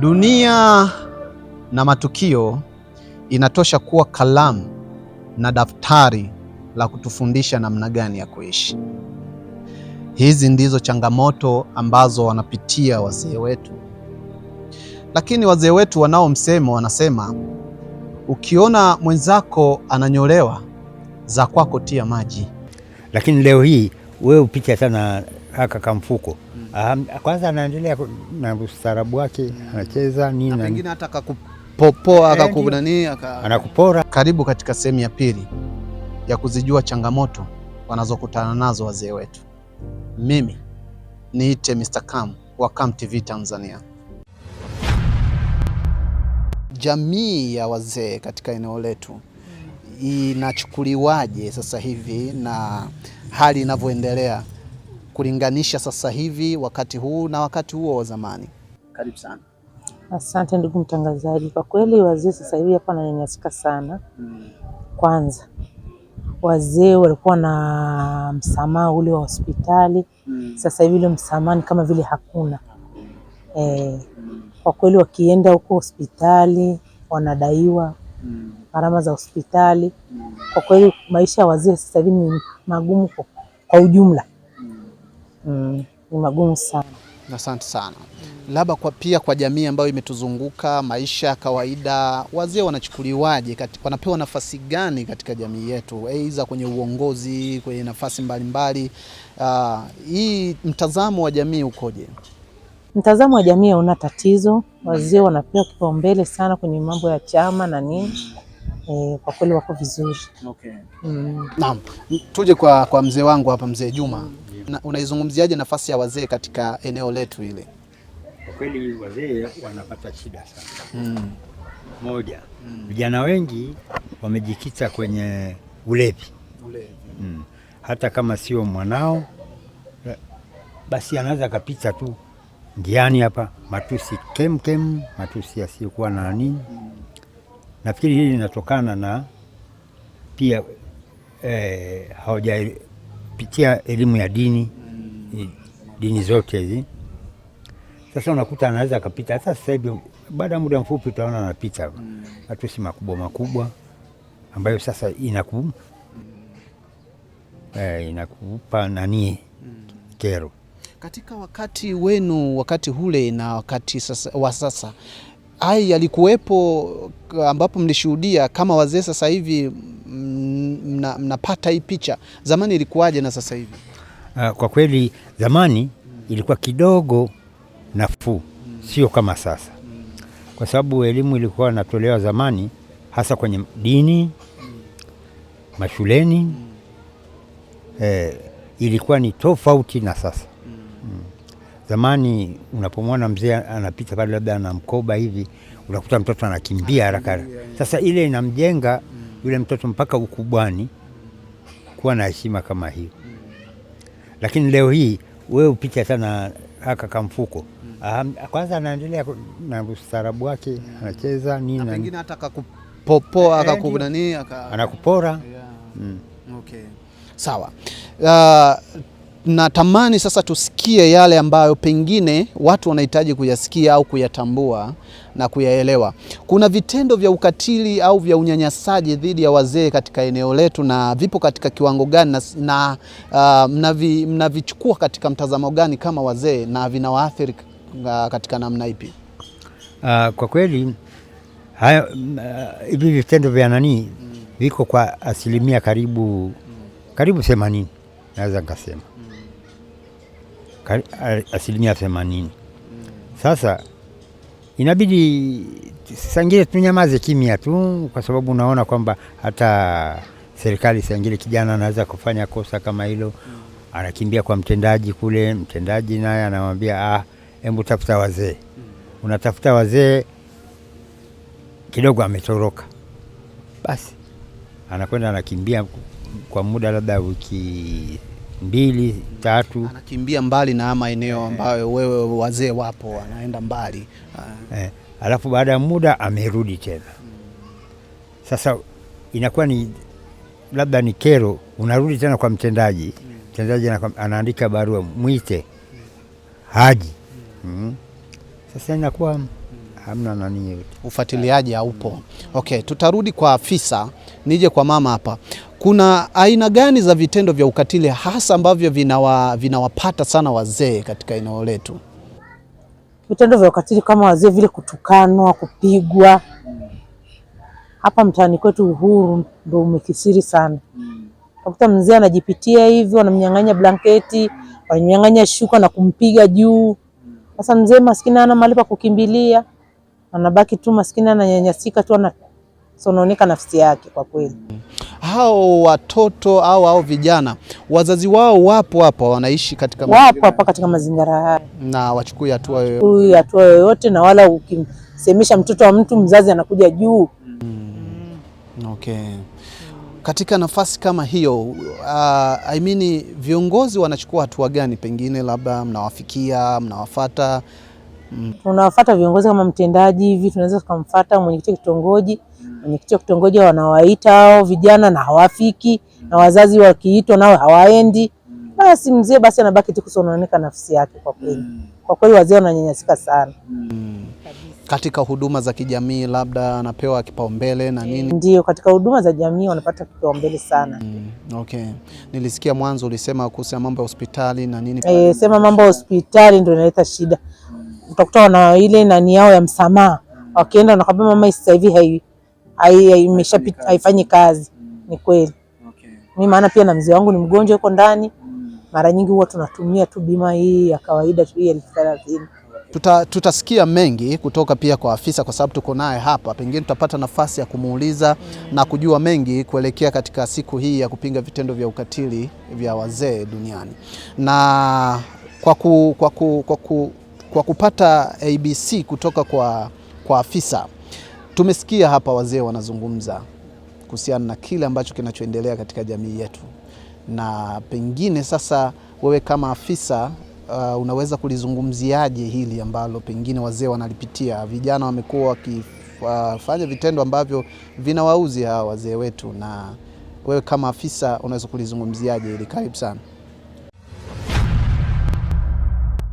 Dunia na matukio inatosha kuwa kalamu na daftari la kutufundisha namna gani ya kuishi. Hizi ndizo changamoto ambazo wanapitia wazee wetu, lakini wazee wetu wanao msemo, wanasema ukiona mwenzako ananyolewa za kwako tia maji. Lakini leo hii wewe upicha sana haka kamfuko mm. um, kwanza anaendelea na ustaarabu wake mm. anacheza nini, pengine hata akakupopoa eh, akakunani anakupora. Karibu katika sehemu ya pili ya kuzijua changamoto wanazokutana nazo wazee wetu. Mimi niite Mr. Kam wa Kam TV Tanzania. Jamii ya wazee katika eneo letu mm. inachukuliwaje sasa hivi na hali inavyoendelea? kulinganisha sasa hivi wakati huu na wakati huo wa zamani? Karibu sana. Asante ndugu mtangazaji, kwa kweli wazee sasa hivi hapa wananyanyasika sana hmm. Kwanza wazee walikuwa na msamaha ule wa hospitali hmm. Sasa hivi ule msamaha kama vile hakuna e, Kwa kweli wakienda huko hospitali wanadaiwa gharama za hospitali Kwa kweli maisha ya wazee sasa hivi ni magumu kwa ujumla mm, ni magumu sana. Asante sana. Labda kwa pia kwa jamii ambayo imetuzunguka maisha ya kawaida, wazee wanachukuliwaje, wanapewa nafasi gani katika jamii yetu, aidha kwenye uongozi, kwenye nafasi mbalimbali mbali. Uh, hii mtazamo wa jamii ukoje? Mtazamo wa jamii hauna tatizo, wazee wanapewa kipaumbele sana kwenye mambo ya chama na nini E, kwa kweli wako vizuri. Okay. Mm. Naam, tuje kwa, kwa mzee wangu hapa mzee Juma. Mm na unaizungumziaje nafasi ya wazee katika eneo letu ile? Kwa kweli wazee wanapata shida sana mm. Moja, hmm. vijana mm. wengi wamejikita kwenye ulevi, ulevi. Mm. Hata kama sio mwanao basi anaweza akapita tu ndiani hapa, matusi kemkem, matusi yasiyokuwa na nini. Hmm. Nafikiri hili linatokana na pia eh, hawaja kupitia elimu ya dini, dini zote hizi. Sasa unakuta anaweza akapita hata sasa hivi, baada ya muda mfupi utaona anapita matusi makubwa makubwa, ambayo sasa inaku eh, inakupa nani kero katika wakati wenu, wakati hule na wakati sasa, wa sasa haya yalikuwepo, ambapo mlishuhudia kama wazee sasa hivi mnapata mna, hii picha zamani ilikuwaje na sasa hivi? Uh, kwa kweli zamani ilikuwa kidogo nafuu, sio kama sasa, kwa sababu elimu ilikuwa inatolewa zamani hasa kwenye dini mashuleni, eh, ilikuwa ni tofauti na sasa. Mm. Zamani unapomwona mzee anapita pale, labda ana mkoba hivi, unakuta mtoto anakimbia haraka. Sasa ile inamjenga yule mtoto mpaka ukubwani kuwa na heshima kama hiyo. Lakini leo hii wewe upita sana haka kamfuko um, kwanza anaendelea na ustaarabu wake, anacheza nini na pengine hata akakupopoa eh, akakunani, anakupora Yeah. Mm. Okay. Sawa. Uh, natamani sasa tusikie yale ambayo pengine watu wanahitaji kuyasikia au kuyatambua na kuyaelewa. Kuna vitendo vya ukatili au vya unyanyasaji dhidi ya wazee katika eneo letu na vipo katika kiwango gani na uh, mnavichukua vi, katika mtazamo gani kama wazee na vinawaathiri uh, katika namna ipi? Uh, kwa kweli haya uh, hivi uh, vitendo vya nani mm. viko kwa asilimia karibu karibu themanini naweza nikasema asilimia themanini. Sasa inabidi sangile tunyamaze kimya tu, kwa sababu unaona kwamba hata serikali sangile, kijana anaweza kufanya kosa kama hilo, anakimbia kwa mtendaji kule, mtendaji naye anamwambia ah, hebu tafuta wazee. Unatafuta wazee kidogo, ametoroka basi, anakwenda anakimbia kwa muda labda wiki mbili tatu, anakimbia mbali na maeneo eh. ambayo wewe wazee wapo, anaenda mbali e, Alafu baada ya muda amerudi tena. Sasa inakuwa ni labda ni kero, unarudi tena kwa mtendaji. Mtendaji anaandika barua, mwite haji. mm. Sasa inakuwa hamna nani ufuatiliaji haupo. Hmm. Okay, tutarudi kwa afisa, nije kwa mama hapa kuna aina gani za vitendo vya ukatili hasa ambavyo vinawa, vinawapata sana wazee katika eneo letu? Vitendo vya ukatili kama wazee vile kutukanwa, kupigwa. Hapa mtaani kwetu Uhuru ndo umekisiri sana. Unakuta mzee anajipitia hivyo, anamnyang'anya blanketi, anamnyang'anya shuka na kumpiga juu. Sasa mzee maskini ana mahali pa kukimbilia, anabaki tu maskini, ananyanyasika tu, unaoneka nafsi yake kwa kweli. Hao watoto au hao vijana wazazi wao wapo hapa, wanaishi katika wapo hapa katika mazingira haya, na wachukui hatua yoyote hatua yoyote, na wala ukimsemesha mtoto wa mtu mzazi anakuja juu. Mm. Okay, katika nafasi kama hiyo uh, I mean, viongozi wanachukua hatua gani? Pengine labda mnawafikia, mnawafata? mm. Tunawafata viongozi kama mtendaji hivi, tunaweza tukamfata mwenyekiti kitongoji mwenyekiti wa kitongoji wanawaita hao vijana na hawafiki, na wazazi wakiitwa nao hawaendi, basi mzee basi anabaki tu kusononeka nafsi yake. Kwa kweli, kwa kweli wazee wananyanyasika sana katika huduma za kijamii labda anapewa kipaumbele na nini? Ndio, katika huduma za jamii wanapata kipaumbele sana. Mm, okay. Nilisikia mwanzo ulisema kuhusu mambo ya hospitali na nini? E, sema mambo ya hospitali ndio inaleta shida. Utakuta wana ile nani yao ya msamaha, wakienda wanakwambia mama sasa hivi hai haifanyi kazi. Mm. Ni kweli okay. Mimi maana pia na mzee wangu ni mgonjwa, yuko ndani mm. Mara nyingi huwa tunatumia tu bima hii ya kawaida hii elfu thelathini. Tuta, tutasikia mengi kutoka pia kwa afisa kwa sababu tuko naye hapa, pengine tutapata nafasi ya kumuuliza mm. na kujua mengi kuelekea katika siku hii ya kupinga vitendo vya ukatili vya wazee duniani na kwa, ku, kwa, ku, kwa, ku, kwa kupata ABC kutoka kwa, kwa afisa Tumesikia hapa wazee wanazungumza kuhusiana na kile ambacho kinachoendelea katika jamii yetu, na pengine sasa wewe kama afisa uh, unaweza kulizungumziaje hili ambalo pengine wazee wanalipitia? Vijana wamekuwa wakifanya uh, vitendo ambavyo vinawauzi hawa wazee wetu, na wewe kama afisa unaweza kulizungumziaje hili? Karibu sana.